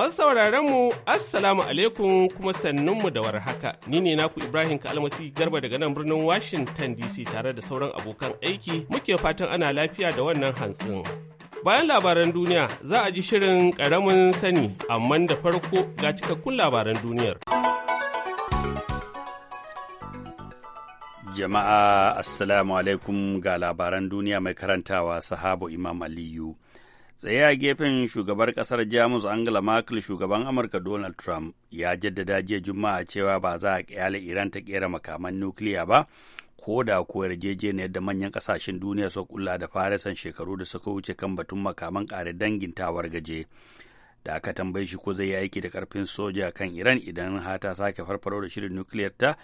Masu sauraron mu Assalamu alaikum kuma sannunmu da warhaka. Ni ne naku Ibrahim Kalmasi Garba daga nan birnin Washington DC tare da sauran abokan aiki muke fatan ana lafiya da wannan hantsin. Bayan labaran duniya za a ji shirin ƙaramin sani amma da farko ga cikakkun labaran duniyar. Jama'a Assalamu alaikum ga labaran duniya mai karantawa sahabo Imam Aliyu. tsaye a gefen shugabar kasar jamus angela merkel shugaban amurka donald trump ya jaddada jiya juma'a cewa ba za a kyale iran ta kera makaman nukiliya ba ko da ko yarjejeniyar da manyan kasashen duniya su kulla da farisan shekaru da suka wuce kan batun makaman kare dangin tawar gaje da aka tambaye shi ko zai yi aiki da karfin soja kan iran idan har ta sake farfaro da shirin nukiliyar ta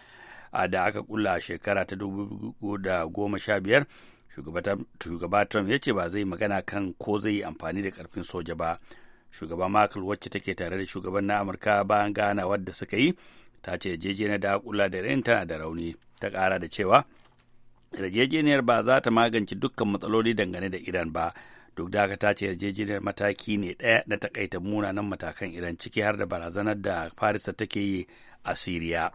da aka kulla a shekara ta goma sha biyar. shugaba trump ya ce ba zai magana kan ko zai yi amfani da karfin soja ba shugaba merkel wacce take tare da shugaban na amurka bayan gana wadda suka yi ta ce yarjejeniyar da kula da tana da rauni ta kara da cewa yarjejeniyar ba za ta magance dukkan matsaloli dangane da iran ba duk da haka ta ce yarjejeniyar mataki ne ɗaya na takaita munanan matakan iran ciki har da barazanar da farisa take yi a siriya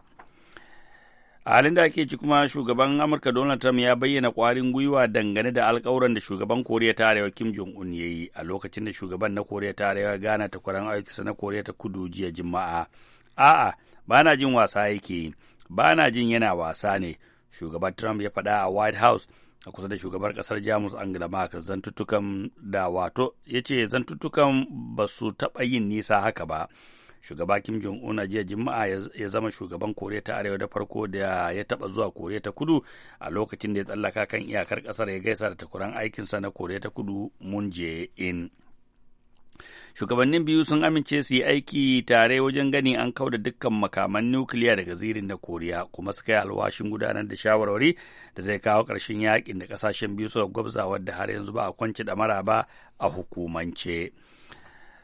a halin da ake ci kuma shugaban amurka donald trump ya bayyana kwarin gwiwa dangane da alkawuran da shugaban koriya ta arewa kim jong un ya yi a lokacin da shugaban na koriya ta arewa gana ta kwaran aikinsa na koriya ta kudu jiya juma'a a'a ba na jin wasa yake ba na jin yana wasa ne shugaban trump ya faɗa a white house a kusa da shugaban kasar jamus angela merkel zantuttukan da wato ya ce zantuttukan ba su taɓa yin nisa haka ba shugaba kim jong un a jiya juma'a ya zama shugaban koriya ta arewa da farko da ya taba zuwa koriya ta kudu a lokacin da ya tsallaka kan iyakar kasar ya gaisa da takuran aikinsa na koriya ta kudu mun je in shugabannin biyu sun amince su yi aiki tare wajen gani an kauda dukkan makaman nukiliya daga zirin na koriya kuma suka yi alwashin gudanar da shawarwari da zai kawo ƙarshen yakin da ƙasashen biyu suka gwabza wadda har yanzu ba a kwanci da maraba ba a hukumance.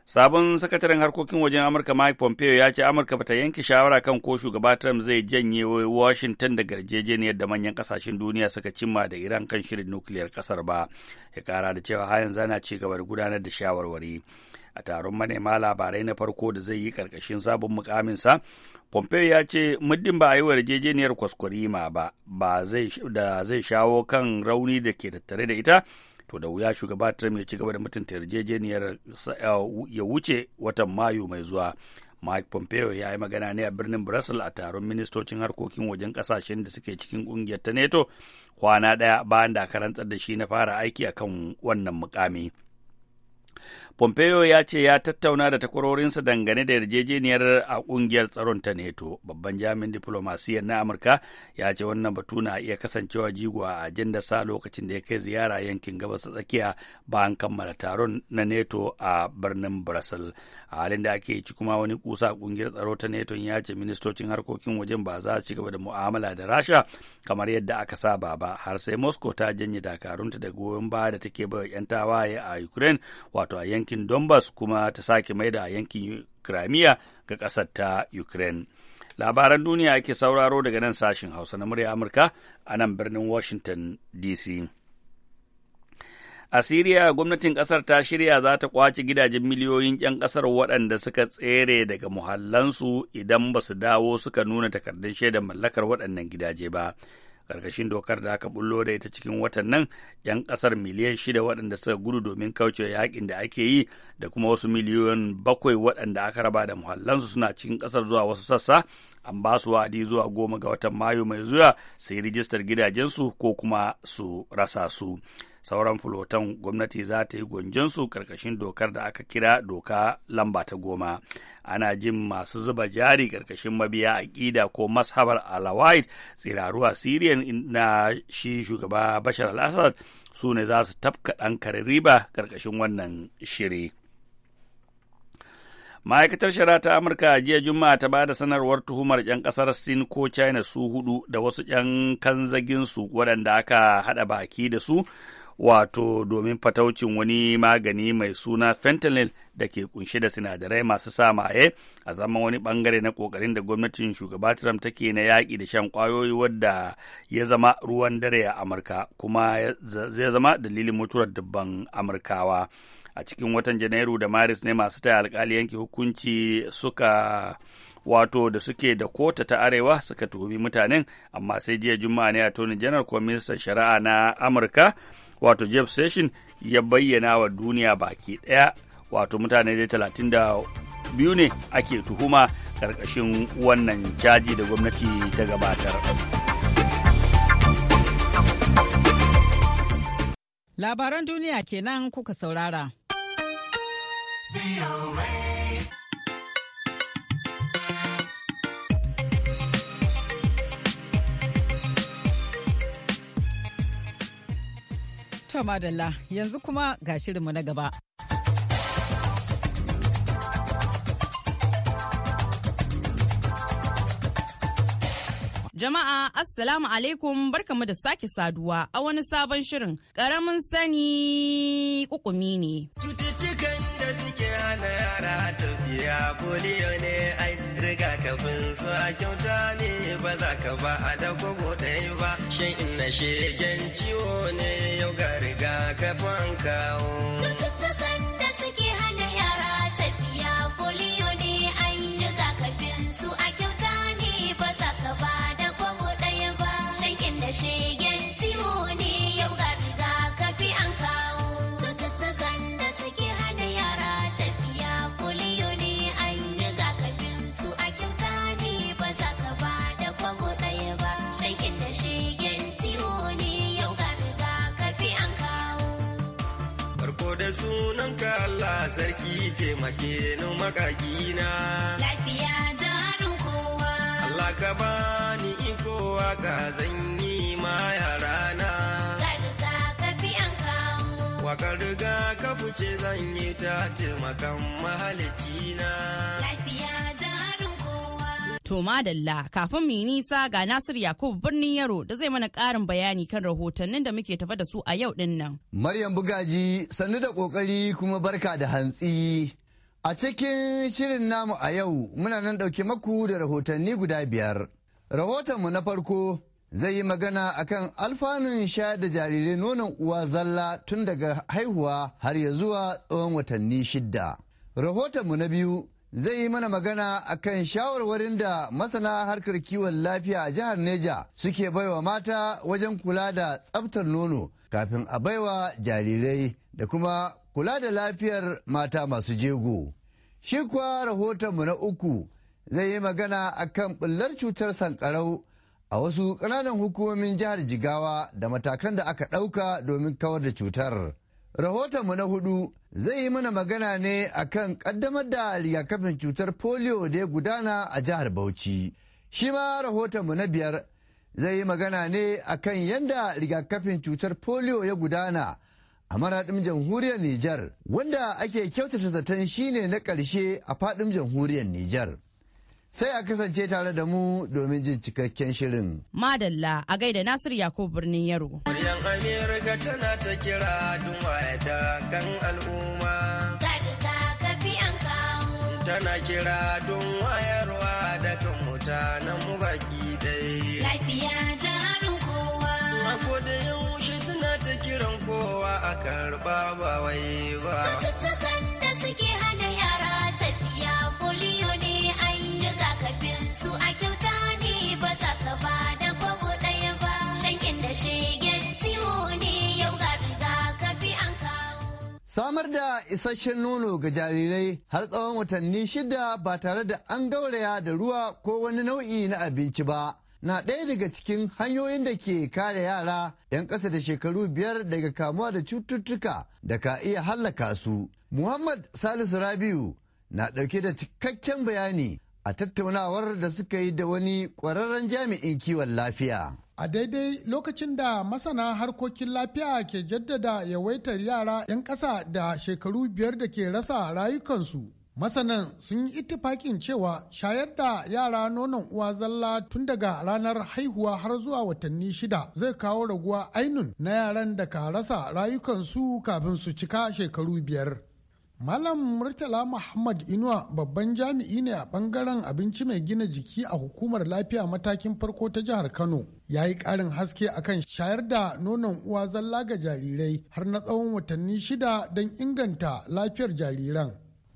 Sabon sakataren harkokin wajen Amurka Mike Pompeo ya ce Amurka bata yanke shawara kan ko shugaba Trump zai janye Washington daga yarjejeniyar da manyan kasashen duniya suka cimma da Iran kan shirin nukiliyar kasar ba. Ya kara da cewa hayan zana ci gaba da gudanar da shawarwari. A taron manema labarai na farko da zai yi karkashin sabon mukaminsa, Pompeo ya ce muddin ba a yi wa yarjejeniyar kwaskwarima ba, ba da zai shawo kan rauni da ke tattare da ita, to da wuya shugaba Trump ya ci gaba da mutunta yarjejeniyar ya wuce watan Mayu mai zuwa. Mike Pompeo ya yi magana ne a birnin Brussels a taron ministocin harkokin wajen kasashen da suke cikin kungiyar ta NATO kwana ɗaya bayan da rantsar da shi na fara aiki akan wannan mukami. Pompeo ya ce ya tattauna da takwarorinsa dangane da yarjejeniyar a kungiyar tsaron ta NATO. Babban jami'in diplomasiyyar na Amurka ya ce wannan batu na iya kasancewa jigo a ajandar sa lokacin da ya kai ziyara yankin gabas ta tsakiya bayan kammala taron na NATO a birnin Brussels. A halin da ake ci kuma wani kusa kungiyar tsaro ta NATO ya ce ministocin harkokin wajen ba za ci gaba da mu'amala da Rasha kamar yadda aka saba ba har sai Moscow ta janye dakarunta da goyon baya da take bai 'yan tawaye a Ukraine wato a yankin yankin Donbass kuma ta sake maida yankin Crimea ga ƙasar ta Ukraine. Labaran duniya ake sauraro daga nan sashin Hausa na murya Amurka a nan birnin Washington DC. A Siriya, gwamnatin ƙasar ta shirya za ta kwace gidajen miliyoyin 'yan ƙasar waɗanda suka tsere daga muhallansu idan ba su dawo suka nuna takardun shaidar mallakar waɗannan gidaje ba. karkashin dokar da aka bullo da ita cikin watan nan yan ƙasar miliyan shida waɗanda suka gudu domin kauce yaƙin da ake yi da kuma wasu miliyoyin bakwai waɗanda aka raba da muhallansu suna cikin ƙasar zuwa wasu sassa an ba su wa'adi zuwa goma ga watan mayu mai zuwa su rijistar gidajensu ko kuma su rasa su sauran fulotan gwamnati za ta yi gwanjansu karkashin dokar da aka kira doka lamba ta goma ana jin masu zuba jari karkashin mabiya aƙida ko mashabar alawait tsiraru a syrian na shi shugaba bashar al-assad su ne za su tafka ɗan riba karkashin wannan shiri ma'aikatar shara ta amurka jiya juma'a ta ba da sanarwar tuhumar 'yan kasar sin ko china su hudu da wasu 'yan kanzaginsu su waɗanda aka haɗa baki da su wato domin fataucin wani magani mai suna fentanyl da ke kunshe da sinadarai masu sa maye a zaman wani bangare na kokarin da gwamnatin shugaba Trump take na yaƙi da shan kwayoyi wadda ya zama ruwan dare a Amurka kuma zai zama dalilin mutuwar dubban Amurkawa. A cikin watan Janairu da Maris ne masu taya alkali yanke hukunci suka wato da suke da kota ta arewa suka tuhumi mutanen amma sai jiya juma'a ne a tony janar kuma shari'a na amurka wato jeff session ya bayyana wa duniya baki ɗaya wato mutane dai talatin da biyu ne ake tuhuma ƙarƙashin wannan caji da gwamnati ta gabatar. Labaran duniya kenan kuka saurara. To madalla yanzu kuma ga shirinmu na gaba. Jama'a Assalamu alaikum barkamu da sake saduwa a wani sabon shirin ƙaramin sani kukumi ne. Cututtukan da suke hana yara tafiya polio ne ai riga kafin su a kyauta ne ba za ka ba a da kogo ɗaya ba shan inna shegen ciwo ne yau ga riga kafin kawo. Ka Allah sarki taimake ni makakina. Lafiya jaru kowa. Allah ka bani ikowa ka zanyi ma yarana. Waka riga ka fice zan yi ta taimakan mahalicina. Lafiya To madalla kafin mu yi nisa ga Nasir Yakubu birnin Yaro da zai mana ƙarin bayani kan rahotannin da muke tafa da su a yau din nan. Maryam Bugaji sannu da ƙoƙari kuma barka da hantsi. A cikin shirin namu a yau muna nan ɗauke maku da rahotanni guda biyar. Rahotonmu na farko zai yi magana akan alfanun sha da jarirai nonon uwa zalla tun daga haihuwa har ya zuwa tsawon watanni shidda. Rahotonmu na biyu zai yi mana magana a kan shawarwarin da masana harkar kiwon lafiya a jihar Neja suke baiwa mata wajen kula da tsabtar nono kafin a baiwa jarirai da kuma kula da lafiyar mata masu jego. Shi kuwa rahotonmu na uku zai yi magana a kan ɓullar cutar sankarau a wasu ƙananan hukumomin jihar Jigawa da matakan da aka ɗauka domin kawar da cutar. Rahotonmu na hudu zai yi mana magana ne akan ƙaddamar da rigakafin cutar polio da ya gudana a jihar Bauchi. Shi ma rahotonmu na biyar zai yi magana ne akan yadda rigakafin cutar polio ya gudana a maraɗin jamhuriyar Nijar, wanda ake kyautata zaton shine na ƙarshe a faɗin jamhuriyar Nijar. sai a kasance tare da mu domin jin cikakken shirin. Madalla a gaida Nasir Yakubu birnin Yaro. Muryan Amerika tana ta kira duwaye da kan al'umma. Karka kafi an kawo. Tana kira don wayarwa da kan mutanen mu baki dai. Lafiya ta harin kowa. A da yaushe suna ta kiran kowa a karɓa ba wai ba. Cututtukan da suke hana su a kyauta ne ba za ka ba da kwabo ɗaya ba shankin da shegen tiwo ne yau ga riga ka an kawo. Samar da isasshen nono ga jarirai har tsawon watanni shida ba tare da an gauraya da ruwa ko wani nau'i na abinci ba. na ɗaya daga cikin hanyoyin da ke kare yara 'yan ƙasa da shekaru biyar daga kamuwa da cututtuka da ka iya hallaka su. Muhammad Salisu Rabiu na ɗauke da cikakken bayani a tattaunawar da suka yi da wani ƙwararren jami'in kiwon lafiya. A daidai lokacin da masana harkokin lafiya ke jaddada yawaitar yara 'yan ƙasa da shekaru biyar da ke rasa rayukansu. Masanan sun yi ittifakin cewa shayar da yara nonon uwa zalla tun daga ranar haihuwa har zuwa watanni shida zai kawo raguwa ainun na yaran da ka rasa rayukansu kafin su cika shekaru biyar. Malam Murtala Muhammad Inuwa babban jami'i ne a bangaren abinci mai gina jiki a hukumar lafiya matakin farko ta jihar Kano. Ya yi ƙarin haske akan shayar da nonon uwa zalla ga jarirai har na tsawon watanni shida don inganta lafiyar jariran.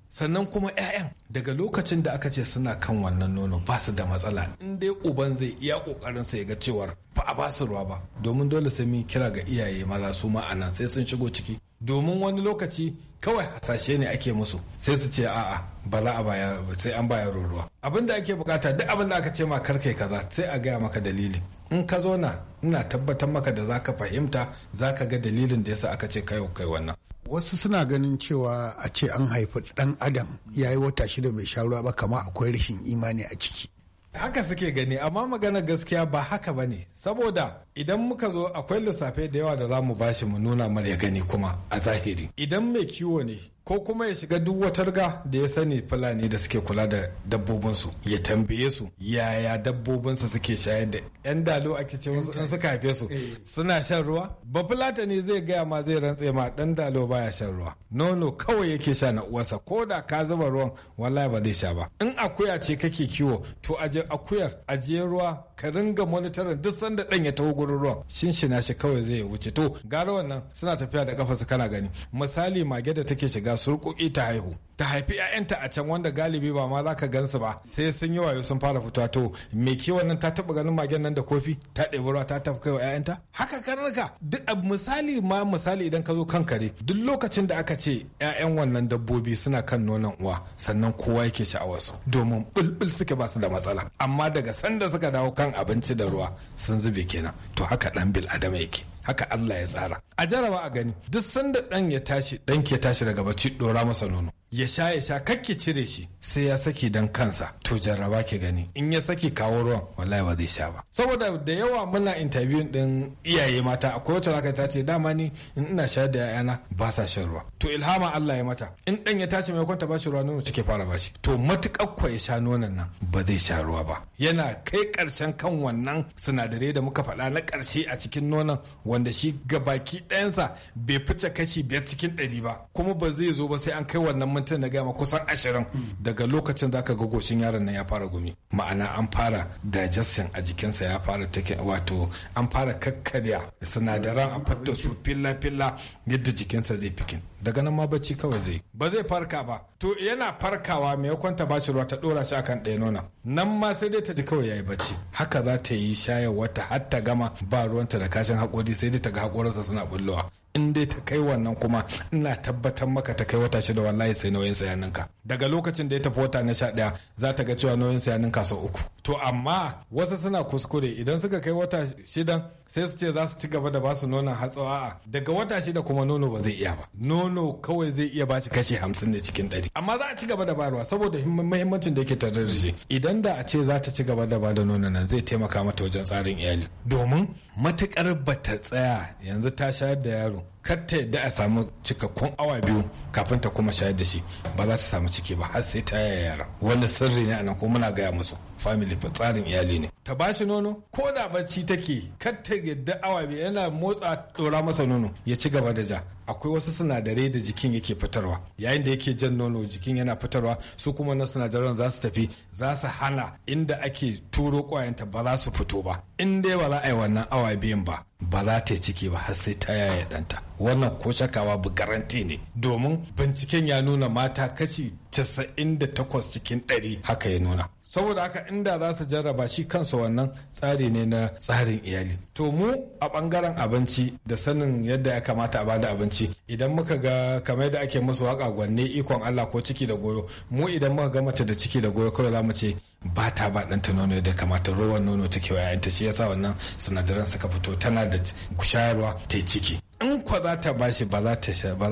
sannan kuma 'ya'yan daga lokacin da aka ce suna kan wannan nono ba su da matsala in dai uban zai iya kokarin sa ya ga cewar ba a ba su ruwa ba domin dole sai mun kira ga iyaye maza su ma anan sai sun shigo ciki domin wani lokaci kawai hasashe ne ake musu sai su ce a'a bala a baya sai an baya ruruwa. abin da ake bukata duk abin da aka ce ma karkai kaza sai a gaya maka dalili in ka zo na ina tabbatar maka da zaka fahimta zaka ga dalilin da yasa aka ce kai kai wannan wasu suna ganin cewa a ce an haifi dan adam yayi wata shida bai sha ruwa ba kamar akwai rashin imani a ciki haka suke gani amma magana gaskiya ba haka ba ne saboda idan muka zo akwai lissafe da yawa da za mu bashi mu nuna mar gani kuma a zahiri idan mai kiwo ne ko kuma ya shiga duk wata riga da ya sani fulani da suke kula da dabbobinsu ya tambaye su yaya dabbobinsu suke shayar da yan dalo ake ce wasu in suka haife su eh. suna shan ruwa ba fulata ne zai gaya ma zai rantse ma dan dalo baya shan ruwa nono kawai yake sha na uwarsa ko da ka zuba ruwan wallahi ba zai sha ba in akuya ce kake kiwo to aje akuyar aje ruwa ka ringa monitorin duk sanda dan ya taho gurin ruwan shinshina shi kawai zai wuce to gara wannan suna tafiya da kafa su kana gani misali mage da take shiga ga surƙoƙi ta haihu ta haifi 'ya'yanta a can wanda galibi ba ma za ka gansu ba sai sun yi wayo sun fara fita to me ke wannan ta taba ganin magen nan da kofi ta ɗebi ruwa ta tafi kai wa 'ya'yanta haka karnuka duk misali ma misali idan ka zo kan kare duk lokacin da aka ce 'ya'yan wannan dabbobi suna kan nonon uwa sannan kowa yake sha'awar su domin bulbul suke ba su da matsala amma daga sanda suka dawo kan abinci da ruwa sun zube kenan to haka dan bil adama yake haka Allah ya tsara a jarawa a gani duk sanda dan ya tashi dan ke tashi daga bacci dora masa nono ya sha ya sha ki cire shi sai ya saki dan kansa to jarraba ke gani in ya saki kawo ruwan wallahi ba zai sha ba saboda da yawa muna interview din iyaye mata akwai wata zaka ta ce dama ni in ina sha da yayana ba sa shan ruwa to ilhama Allah ya mata in dan ya tashi maimakon ta bashi ruwa nono take fara bashi to matukar ko ya sha nonon nan ba zai sha ruwa ba yana kai karshen kan wannan sinadarai da muka faɗa na karshe a cikin nonon wanda shi gabaki ɗayansa bai fice kashi biyar cikin ɗari ba kuma ba zai zo ba sai an kai wannan makarantar na gama kusan ashirin daga lokacin da aka ga goshin yaron nan ya fara gumi ma'ana an fara digestion a jikinsa ya fara take wato an fara kakkarya sinadaran a fitta su filla filla yadda jikinsa zai fikin daga nan ma bacci kawai zai ba zai farka ba to yana farkawa mai kwanta ba shi ruwa ta dora shi akan ɗaya nona nan ma sai dai ta ji kawai yayi bacci haka za ta yi shayarwa ta hatta gama ba ruwanta da kashin haƙori sai dai ta ga haƙorinsa suna bullowa in dai ta kai wannan kuma ina tabbatar maka ta kai wata shida wallahi sai nauyin sayananka. daga lokacin da ya tafi wata na sha ɗaya za ta ga cewa nauyin sayanin ya uku to amma wasu suna kuskure idan suka kai wata shida sai su ce za su ci gaba da basu nonon hatsawa a daga wata shida kuma nono ba zai iya ba nono kawai zai iya bashi kashi hamsin da cikin ɗari amma za a ci gaba da bayarwa saboda muhimmancin da yake tare da shi idan da a ce za ta ci gaba da da nono nan zai taimaka mata wajen tsarin iyali domin matukar ba ta tsaya yanzu ta shayar da yaro kar ta yadda a samu cikakkun awa biyu kafin ta kuma shayar da shi ba za ta samu ciki ba har sai ta yaya yara wani sirri ne anan ko muna gaya musu family tsarin iyali ne ta ba shi nono ko da bacci take kar ta yadda awa biyu yana motsa dora masa nono ya ci gaba da ja akwai wasu sinadarai da jikin yake fitarwa yayin da yake jan nono jikin yana fitarwa su kuma na sinadaran za su tafi za su hana inda ake turo kwayanta ba za su fito ba in dai ba za a yi wannan awa biyun ba ba za ta yi ciki ba har sai ta yaya danta wannan ko shakawa bu garanti ne domin binciken ya nuna mata kashi 98 cikin 100 haka ya nuna saboda haka inda za su jarraba shi kansu wannan tsari ne na tsarin iyali to mu a bangaren abinci da sanin yadda ya kamata a bada abinci idan muka ga kamar da ake musu waka gwanne ikon Allah ko ciki da goyo mu idan muka ga mace da ciki da goyo kawai za mu ce ba ta ba ɗanta nono yadda kamata ruwan nono take wa yayanta shi yasa wannan sinadaran suka fito tana da kushayarwa ta ciki in kwa za ta bashi ba za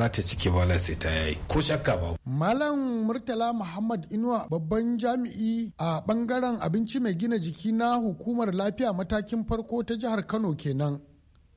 ta ciki ba sai ta yayi ko shakka ba. Malam Murtala Muhammad Inuwa babban jami'i a bangaren abinci mai gina jiki na hukumar lafiya matakin farko ta jihar Kano kenan.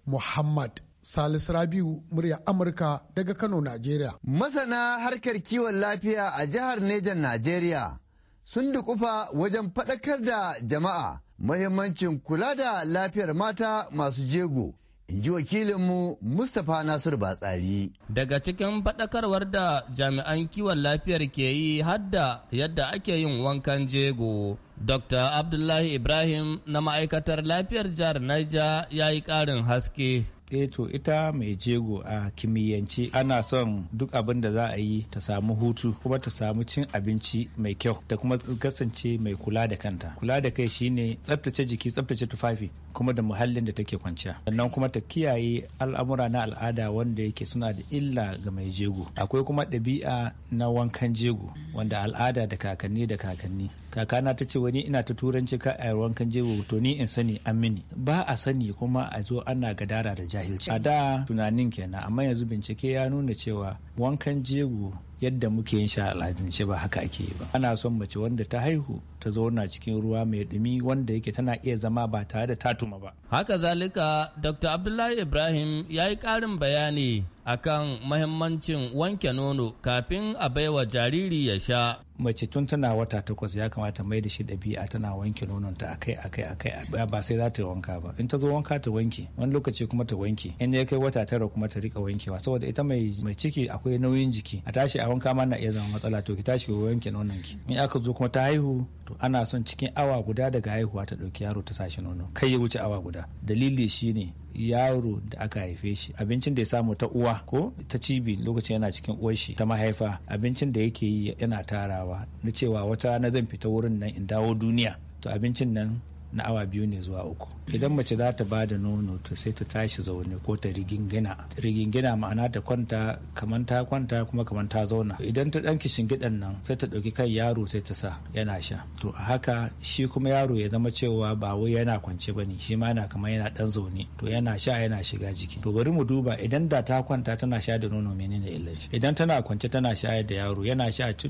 Muhammad Salisu Rabiu murya Amurka daga Kano, Najeriya. Masana harkar kiwon lafiya a jihar Nejan Najeriya sun dukufa wajen faɗakar da jama'a mahimmancin kula da lafiyar mata masu jego. in ji wakilinmu Mustapha Nasiru Batsari. Daga cikin faɗakarwar da jami'an kiwon lafiyar ke yi hadda yadda ake yin wankan jego. Dr. Abdullahi Ibrahim na ma'aikatar lafiyar jihar naija ya yi ƙarin haske. Eh to ita mai jego a kimiyyance ana son duk abin da za a yi ta samu hutu kuma ta samu cin abinci mai kyau da kuma kasance mai kula da kanta kula da kai shine tsabtace jiki tsabtace tufafi kuma da muhallin da take kwanciya sannan kuma ta kiyaye al'amura na al'ada wanda yake suna da illa ga mai jego akwai kuma ɗabi'a na wankan jego wanda al'ada da kakanni da kakanni kakana ta ce wani ina ta turanci ka a wankan jego to ni in sani an mini ba a sani kuma a zo ana gadara da jahilci a da tunanin kenan amma yanzu bincike ya nuna cewa wankan jego yadda muke yin sha shi ba haka ake yi ba ana son mace wanda ta haihu ta zauna cikin ruwa mai dumi wanda yake tana iya zama ba tare da tatuma ba haka zalika dr abdullahi ibrahim ya yi karin bayani akan mahimmancin wanke nono kafin a baiwa jariri ya sha. Mace tun tana wata takwas ya kamata mai da shi ɗabi'a tana wanke nononta akai akai akai ba sai za ta yi wanka ba in ta zo wanka ta wanke wani lokaci kuma ta wanke in ya kai wata tara kuma ta rika wankewa saboda ita mai mai ciki akwai nauyin jiki a tashi a wanka ma na iya zama matsala to ki tashi ki wanke nonon ki in aka zo kuma ta haihu to ana son cikin awa guda daga haihuwa ta ɗauki yaro ta sashi nono kai ya wuce awa guda dalili shine yaro da aka haife shi abincin da ya samu ta uwa ko ta cibi lokacin yana cikin uwar shi ta mahaifa abincin da yake yi yana tarawa na cewa wata na zan fita wurin nan in dawo duniya to abincin nan na awa biyu ne zuwa uku idan mace za ta bada nono to sai ta tashi zaune ko ta rigingina rigingina ma'ana ta kwanta kamar ta kwanta kuma kamar ta zauna idan ta ɗan gidan nan sai ta ɗauki kan yaro sai ta sa yana sha to a haka shi kuma yaro ya zama cewa ba wai yana kwance ba ne shi ma yana kamar yana ɗan zaune to yana sha yana shiga jiki to bari mu duba idan da ta kwanta tana sha da nono menene illar shi idan tana kwance tana shayar da yaro yana sha ta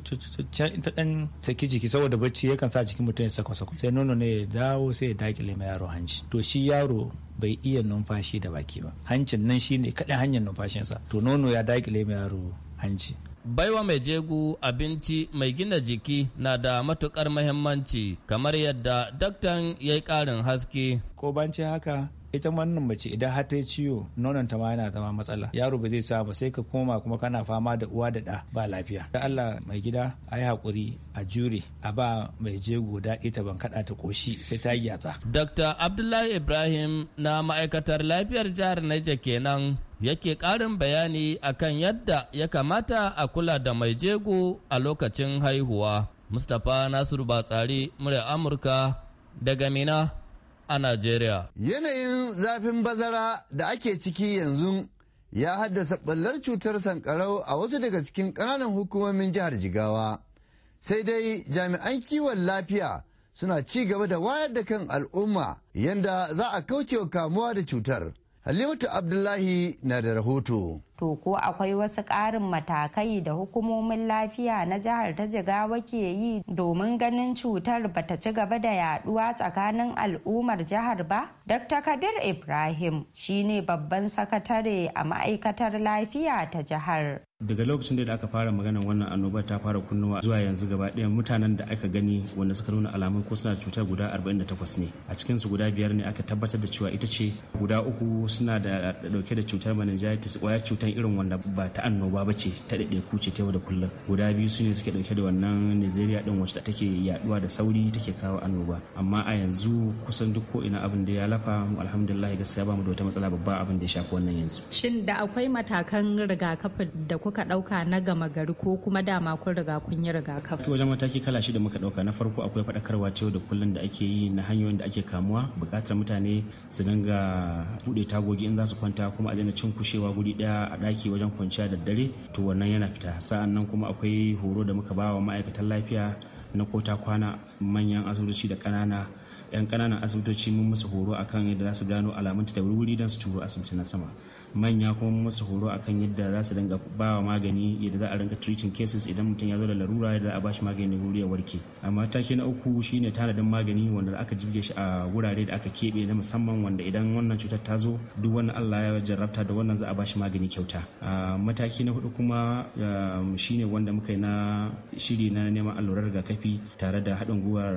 ɗan saki jiki saboda bacci yakan sa jikin mutum ya sako sako sai nono ne ya dawo sai ya dakile ma yaro hanci to shi yaro bai iya numfashi da baki ba hancin nan shine kaɗai hanyar numfashinsa to nono ya dakile ma yaro hanci Baiwa mai jegu abinci mai gina jiki na da matukar mahimmanci kamar yadda daktan ya yi ƙarin haske. Ko bance haka ita wannan mace idan har ta yi ciwo nonon ta ma yana zama matsala yaro ba zai samu sai ka koma kuma kana fama da uwa da ɗa ba lafiya da Allah mai gida a yi haƙuri a jure a ba mai jego daɗi ta ban kaɗa ta ƙoshi sai ta yi gyatsa. Dr. Abdullahi Ibrahim na ma'aikatar lafiyar jihar Niger kenan yake ƙarin bayani akan yadda ya kamata a kula da mai jego a lokacin haihuwa. Mustapha Nasiru Batsari, murya Amurka daga Mina a Najeriya. Yanayin zafin bazara da ake ciki yanzu ya haddasa ɓallar cutar sankarau a wasu daga cikin ƙananan hukumomin jihar Jigawa. Sai dai jami'an kiwon lafiya suna ci gaba da wayar da kan al'umma yanda za a kaucewa kamuwa da cutar. Halimatu Abdullahi na da rahoto. To ko akwai wasu ƙarin matakai da hukumomin lafiya na jihar ta jigawa ke yi domin ganin cutar bata ci gaba da yaduwa tsakanin al'ummar jihar ba? Dr. Kabir Ibrahim shine babban sakatare a ma'aikatar lafiya ta jihar. daga lokacin da aka fara magana wannan annoba ta fara kunnuwa zuwa yanzu gaba ɗaya mutanen da aka gani wanda suka nuna alamun ko suna da cutar guda 48 ne a cikin su guda biyar ne aka tabbatar da cewa ita ce guda uku suna da dauke da cutar meningitis kwaya cutar irin wanda ba ta annoba ba ce ta ku ce ta da kullum guda biyu su ne suke dauke da wannan nigeria din wacce take yaduwa da sauri take kawo annoba amma a yanzu kusan duk ko ina abin da ya lafa alhamdulillah gaskiya ba mu da wata matsala babba abin da ya shafi wannan yanzu shin da akwai matakan rigakafin da kuka ɗauka na gama gari ko kuma dama kun riga kun yi rigakafi. wajen mataki kala shida muka ɗauka na farko akwai faɗakarwa ta da kullum da ake yi na hanyoyin da ake kamuwa buƙatar mutane su dinga buɗe tagogi in za su kwanta kuma a daina cin kushewa guri ɗaya a ɗaki wajen kwanciya da dare to wannan yana fita sa'an nan kuma akwai horo da muka ba wa ma'aikatan lafiya na kota kwana manyan asibitoci da ƙanana 'yan ƙananan asibitoci mun musu horo akan yadda za su gano alamunta da wuri don su turo asibiti na sama manya kuma masu horo akan yadda za su dinga ba wa magani yadda za a ringa treating cases idan mutum ya zo da larura yadda za a bashi magani da wuri ya warke amma take na uku shine tanadin magani wanda aka jibge shi a wurare da aka keɓe na musamman wanda idan wannan cutar ta zo duk wani Allah ya jarrabta da wannan za a bashi magani kyauta mataki na hudu kuma shine wanda muka yi na shiri na neman allurar rigakafi tare da haɗin gwiwar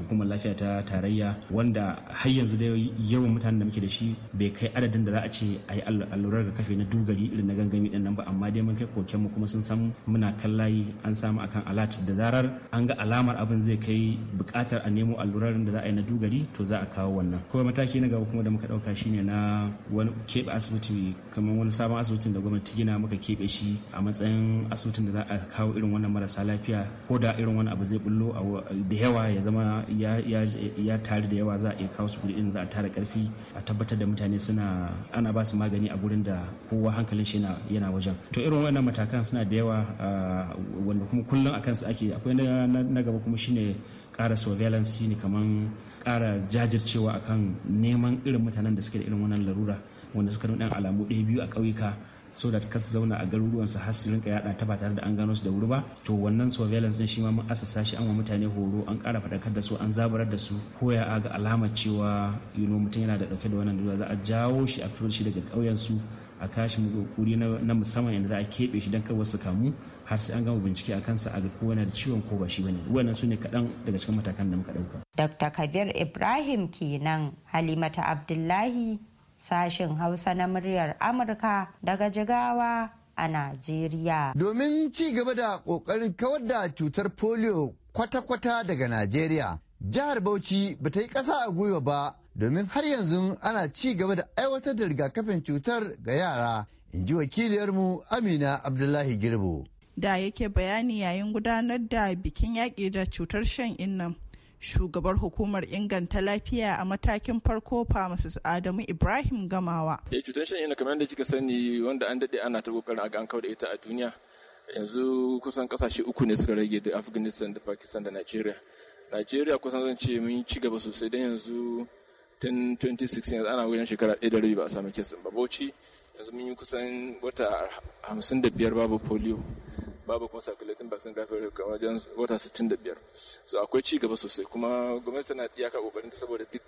hukumar lafiya ta tarayya wanda har yanzu da yawan mutanen da muke da shi bai kai adadin da za a ce a yi allurar ga kafe na dugari irin na gangami din nan ba amma dai mun kai koken mu kuma sun san muna kallayi an samu akan alat da zarar an ga alamar abin zai kai bukatar a nemo allurar da za a yi na dugari to za a kawo wannan kuma mataki na gaba kuma da muka dauka shine na wani keɓe asibiti kamar wani sabon asibitin da gwamnati gina muka keɓe shi a matsayin asibitin da za a kawo irin wannan marasa lafiya ko da irin wani abu zai bullo da yawa ya zama ya tare da yawa za a iya kawo su kuɗi inda za a tara karfi a tabbatar da mutane suna ana ba su magani a gurin da kowa hankalin shi yana wajen to irin wannan matakan suna da yawa wanda kuma kullum a kansu ake akwai na gaba kuma shine kara surveillance shine kaman kara jajircewa akan neman irin mutanen da suke da irin wannan larura wanda suka nuna alamu ɗaya biyu a ƙauyuka so da ka zauna a garuruwan su har su rinka yada ta ba tare da an gano su da wuri ba to wannan surveillance din shi ma mun asasa shi an wa mutane horo an ƙara faɗakar da su an zaburar da su koya ga alamar cewa you know mutum yana da ɗauke da wannan za a jawo shi a fito shi daga ƙauyen su a kashi kuri na musamman inda za a keɓe shi don kar wasu kamu har sai an gama bincike a kansa a ga ko yana da ciwon ko ba shi bane wannan su ne kaɗan daga cikin matakan da muka ɗauka. Dr. Kabir Ibrahim kenan Halimata Abdullahi sashen Hausa na muryar Amurka daga Jigawa a Najeriya. Domin ci gaba da kokarin kawar da cutar polio kwata-kwata daga Najeriya, jihar Bauchi ba ta yi ƙasa a gwiwa ba domin har yanzu ana ci gaba da aiwatar da rigakafin cutar ga yara, in ji wakiliyarmu Amina Abdullahi Girbo. Da yake bayani yayin gudanar da bikin yaƙi da cutar shan innan. shugabar hukumar inganta lafiya a matakin farko Mrs. Adamu Ibrahim Gamawa. Ya eh, cutar shan inna kamar yadda kika sani wanda an daɗe ana ta kokarin a ga da ita a duniya. Yanzu kusan kasashe uku ne suka rage da Afghanistan da Pakistan da Nigeria. Nigeria kusan zan ce mun ci gaba sosai don yanzu tun 2016 yanzu ana wajen shekara ɗaya da rabi ba a sami kesin ba. Bauchi yanzu mun yi kusan wata 55 babu polio. babu kuma circulating vaccine gravel kamar wajen wata 65 so akwai ci gaba sosai kuma gwamnati tana iyaka kokarin ta saboda duk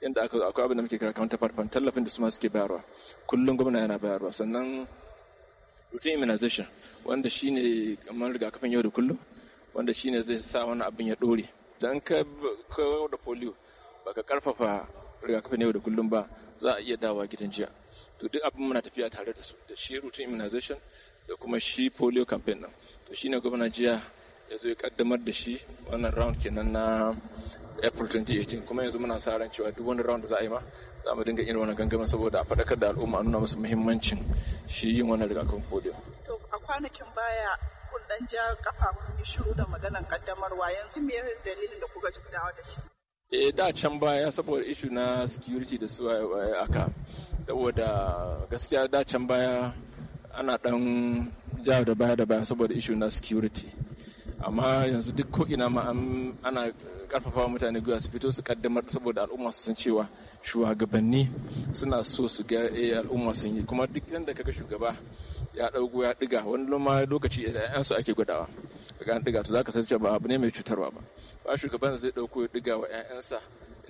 yadda aka akwai abin da muke kira kamar tafarfan tallafin da su ma suke bayarwa kullum gwamnati yana bayarwa sannan routine immunization wanda shine kamar rigakafin yau da kullum wanda shine zai sa wani abin ya dore dan ka da polio baka karfafa rigakafin yau da kullum ba za a iya dawa gidan jiya to duk abin muna tafiya tare da su da shi routine immunization da kuma shi polio campaign din to ne gwamna jiya ya zo ya kaddamar da shi wannan round kenan na april 2018 kuma yanzu muna sa ran cewa duk wani round da za a yi ma za mu dinga irin wannan gangamin saboda a faɗakar da al'umma a nuna musu muhimmancin shi yin wannan rigakafin polio to a kwanakin baya kun dan ja kafafun kun yi shiru da maganar kaddamarwa yanzu me dalilin da kuka ji dawo da shi eh da can baya saboda issue na security da su aka saboda gaskiya da can baya ana dan ja da baya da baya saboda ishu na security amma yanzu duk ko ina ma ana karfafa mutane guda su fito su kaddamar saboda al'umma su san cewa shugabanni suna so su ga eh, al'umma sun yi kuma duk da kaga shugaba ya daugo ya diga wani lokaci yan su ake gudawa daga an diga to zaka san cewa ba abu ne mai cutarwa ba ba shugaban zai dauko ya diga wa ƴaƴansa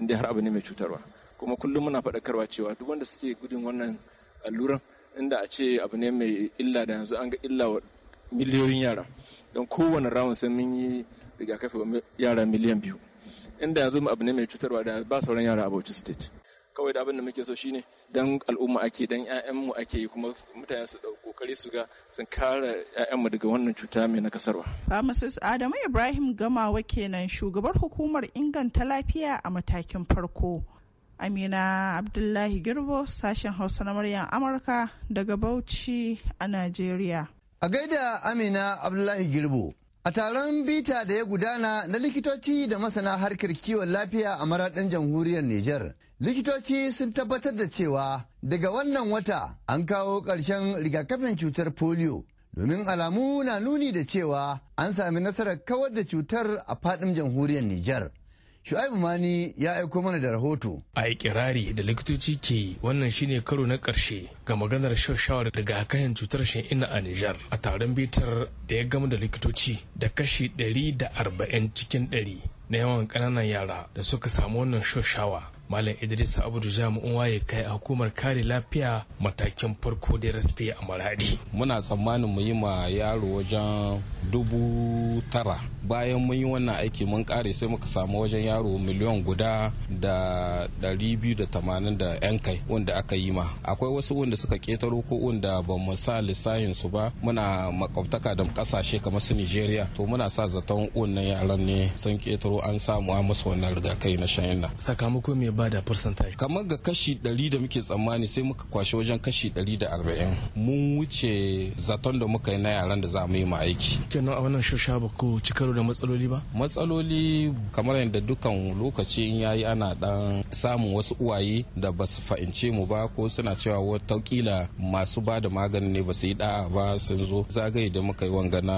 inda har abu ne mai cutarwa kuma kullum muna faɗakarwa cewa duk wanda suke gudun wannan alluran inda a ce abu ne mai illa da yanzu an ga illa wa miliyoyin yara don kowane round sai mun yi rigakafi wa yara miliyan biyu inda yanzu abu ne mai cutarwa da ba sauran yara a Bauchi state kawai da abin da muke so shine dan al'umma ake dan mu ake kuma mutane su da kokari su ga sun kare mu daga wannan cuta mai nakasarwa. Pharmacist Adamu Ibrahim Gamawa kenan shugabar hukumar inganta lafiya a matakin farko. Amina Abdullahi Girbo sashen Hausa na muryar Amurka daga Bauchi a Najeriya. A gaida Amina Abdullahi Girbo, a taron bita da ya gudana na likitoci da masana harkar kiwon lafiya a maraɗin jamhuriyar Nijar. Likitoci sun tabbatar da cewa daga wannan wata an kawo ƙarshen rigakafin cutar polio. Domin alamu na nuni da cewa an sami nasarar kawar da cutar a faɗin jamhuriyar Nijar. Shu'aibu Mani ya aiko mana da rahoto. A ikirari da likitoci ke wannan shine karo na ƙarshe ga maganar shawarar kayan cutar shan'ina a Nijar a taron bitar da ya gama da likitoci da kashi 140 cikin 100 na yawan ƙananan yara da suka samu wannan shoshawa malam idris abudu Jami'un waye kai a hukumar kare lafiya matakin farko da rasfe a maradi muna tsammanin mu yi ma yaro wajen dubu tara bayan mun yi wannan aiki mun kare sai muka samu wajen yaro miliyan guda da ɗari biyu da tamanin da yan kai wanda aka yi ma akwai wasu wanda suka ketaro ko wanda ba mu sa lissahin su ba muna makwabtaka da kasashe kamar su Nijeriya to muna sa zaton wannan yaran ne sun ketaro an samu a musu wannan rigakai na shan sakamakon mai ba da percentage kamar ga kashi 100 da muke tsammani sai muka kwashe wajen kashi 140 mun wuce zaton da muka yi na yaran da za mu yi ma aiki kenan a wannan shosha ba ko cikaro da matsaloli ba matsaloli kamar yadda dukan lokaci in yayi ana dan samun wasu uwaye da ba su fahimce mu ba ko suna cewa wata kila masu ba da magani ne ba su yi da'a ba sun zo zagaye da muka yi wanga na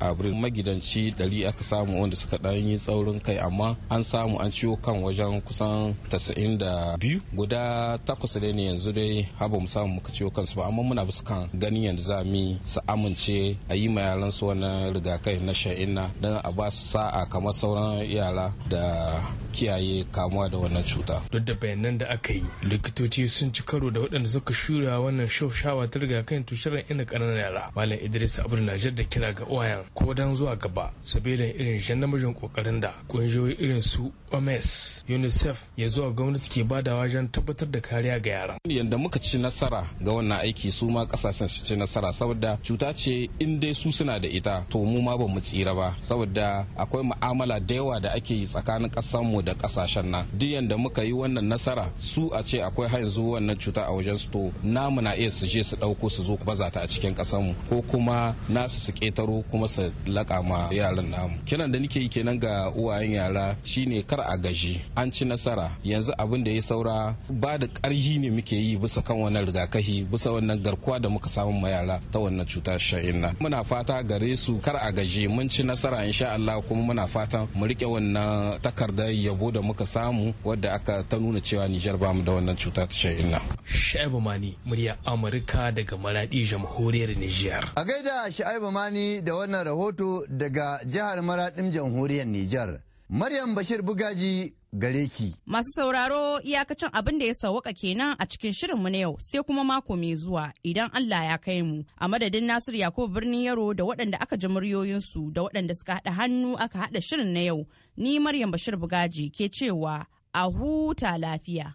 abril magidanci 100 aka samu wanda suka dan yi tsaurin kai amma an samu an ciwo kan wajen kusan 92 guda takwas da ne yanzu dai haba mu samu muka ciwo kansu ba amma muna bisa kan ganin yanzu za mu su amince a yi ma yaran su wani rigakafi na sha'inna don a ba su sa'a kamar sauran yara da kiyaye kamuwa da wannan cuta. Duk da bayanan da aka yi likitoci sun ci karo da waɗanda suka shura wannan shawa ta rigakafin tushirar ina ƙananan yara. Malam Idris Abdul Najjar da kira ga uwayen ko dan zuwa gaba sabida irin shan namijin ƙoƙarin da ƙungiyoyi irin su OMS UNICEF ya zuwa wa gwamnati ke bada wajen tabbatar da kariya ga yara. Yanda muka ci nasara ga wannan aiki su ma kasashen su ci nasara saboda cuta ce in dai su suna da ita to mu ma ba mu tsira ba saboda akwai mu'amala da yawa da ake yi tsakanin mu da kasashen nan. Duk yanda muka yi wannan nasara su a ce akwai har yanzu wannan cuta a wajen su to namu na iya su je su ɗauko su zo baza ta a cikin mu ko kuma nasu su ƙetaro kuma su laƙa ma yaran namu. Kiran da nake yi kenan ga uwayen yara shine kar a gaji an ci nasara yanzu yanzu abin da ya saura ba da ƙarhi ne muke yi bisa kan wannan rigakafi bisa wannan garkuwa da muka samu ma yara ta wannan cuta sha'inna muna fata gare su kar a gaje mun ci nasara insha Allah kuma muna fata mu rike wannan takardar yabo da muka samu wadda aka ta nuna cewa Nijar ba mu da wannan cuta ta sha'inna Shaibu Mani murya Amurka daga Maradi jamhuriyar Nijar a gaida Shaibu Mani da wannan rahoto daga jihar Maradin jamhuriyar Nijar Maryam Bashir Bugaji gare ki. Masu sauraro iyakacin abin da ya sauwaka kenan a cikin shirin mu na yau sai kuma mako mai zuwa idan Allah ya kai mu. A madadin Nasir Yakubu birnin Yaro da waɗanda aka ji muryoyinsu da waɗanda suka haɗa hannu aka haɗa shirin na yau. Ni Maryam Bashir Bugaji ke cewa a huta lafiya.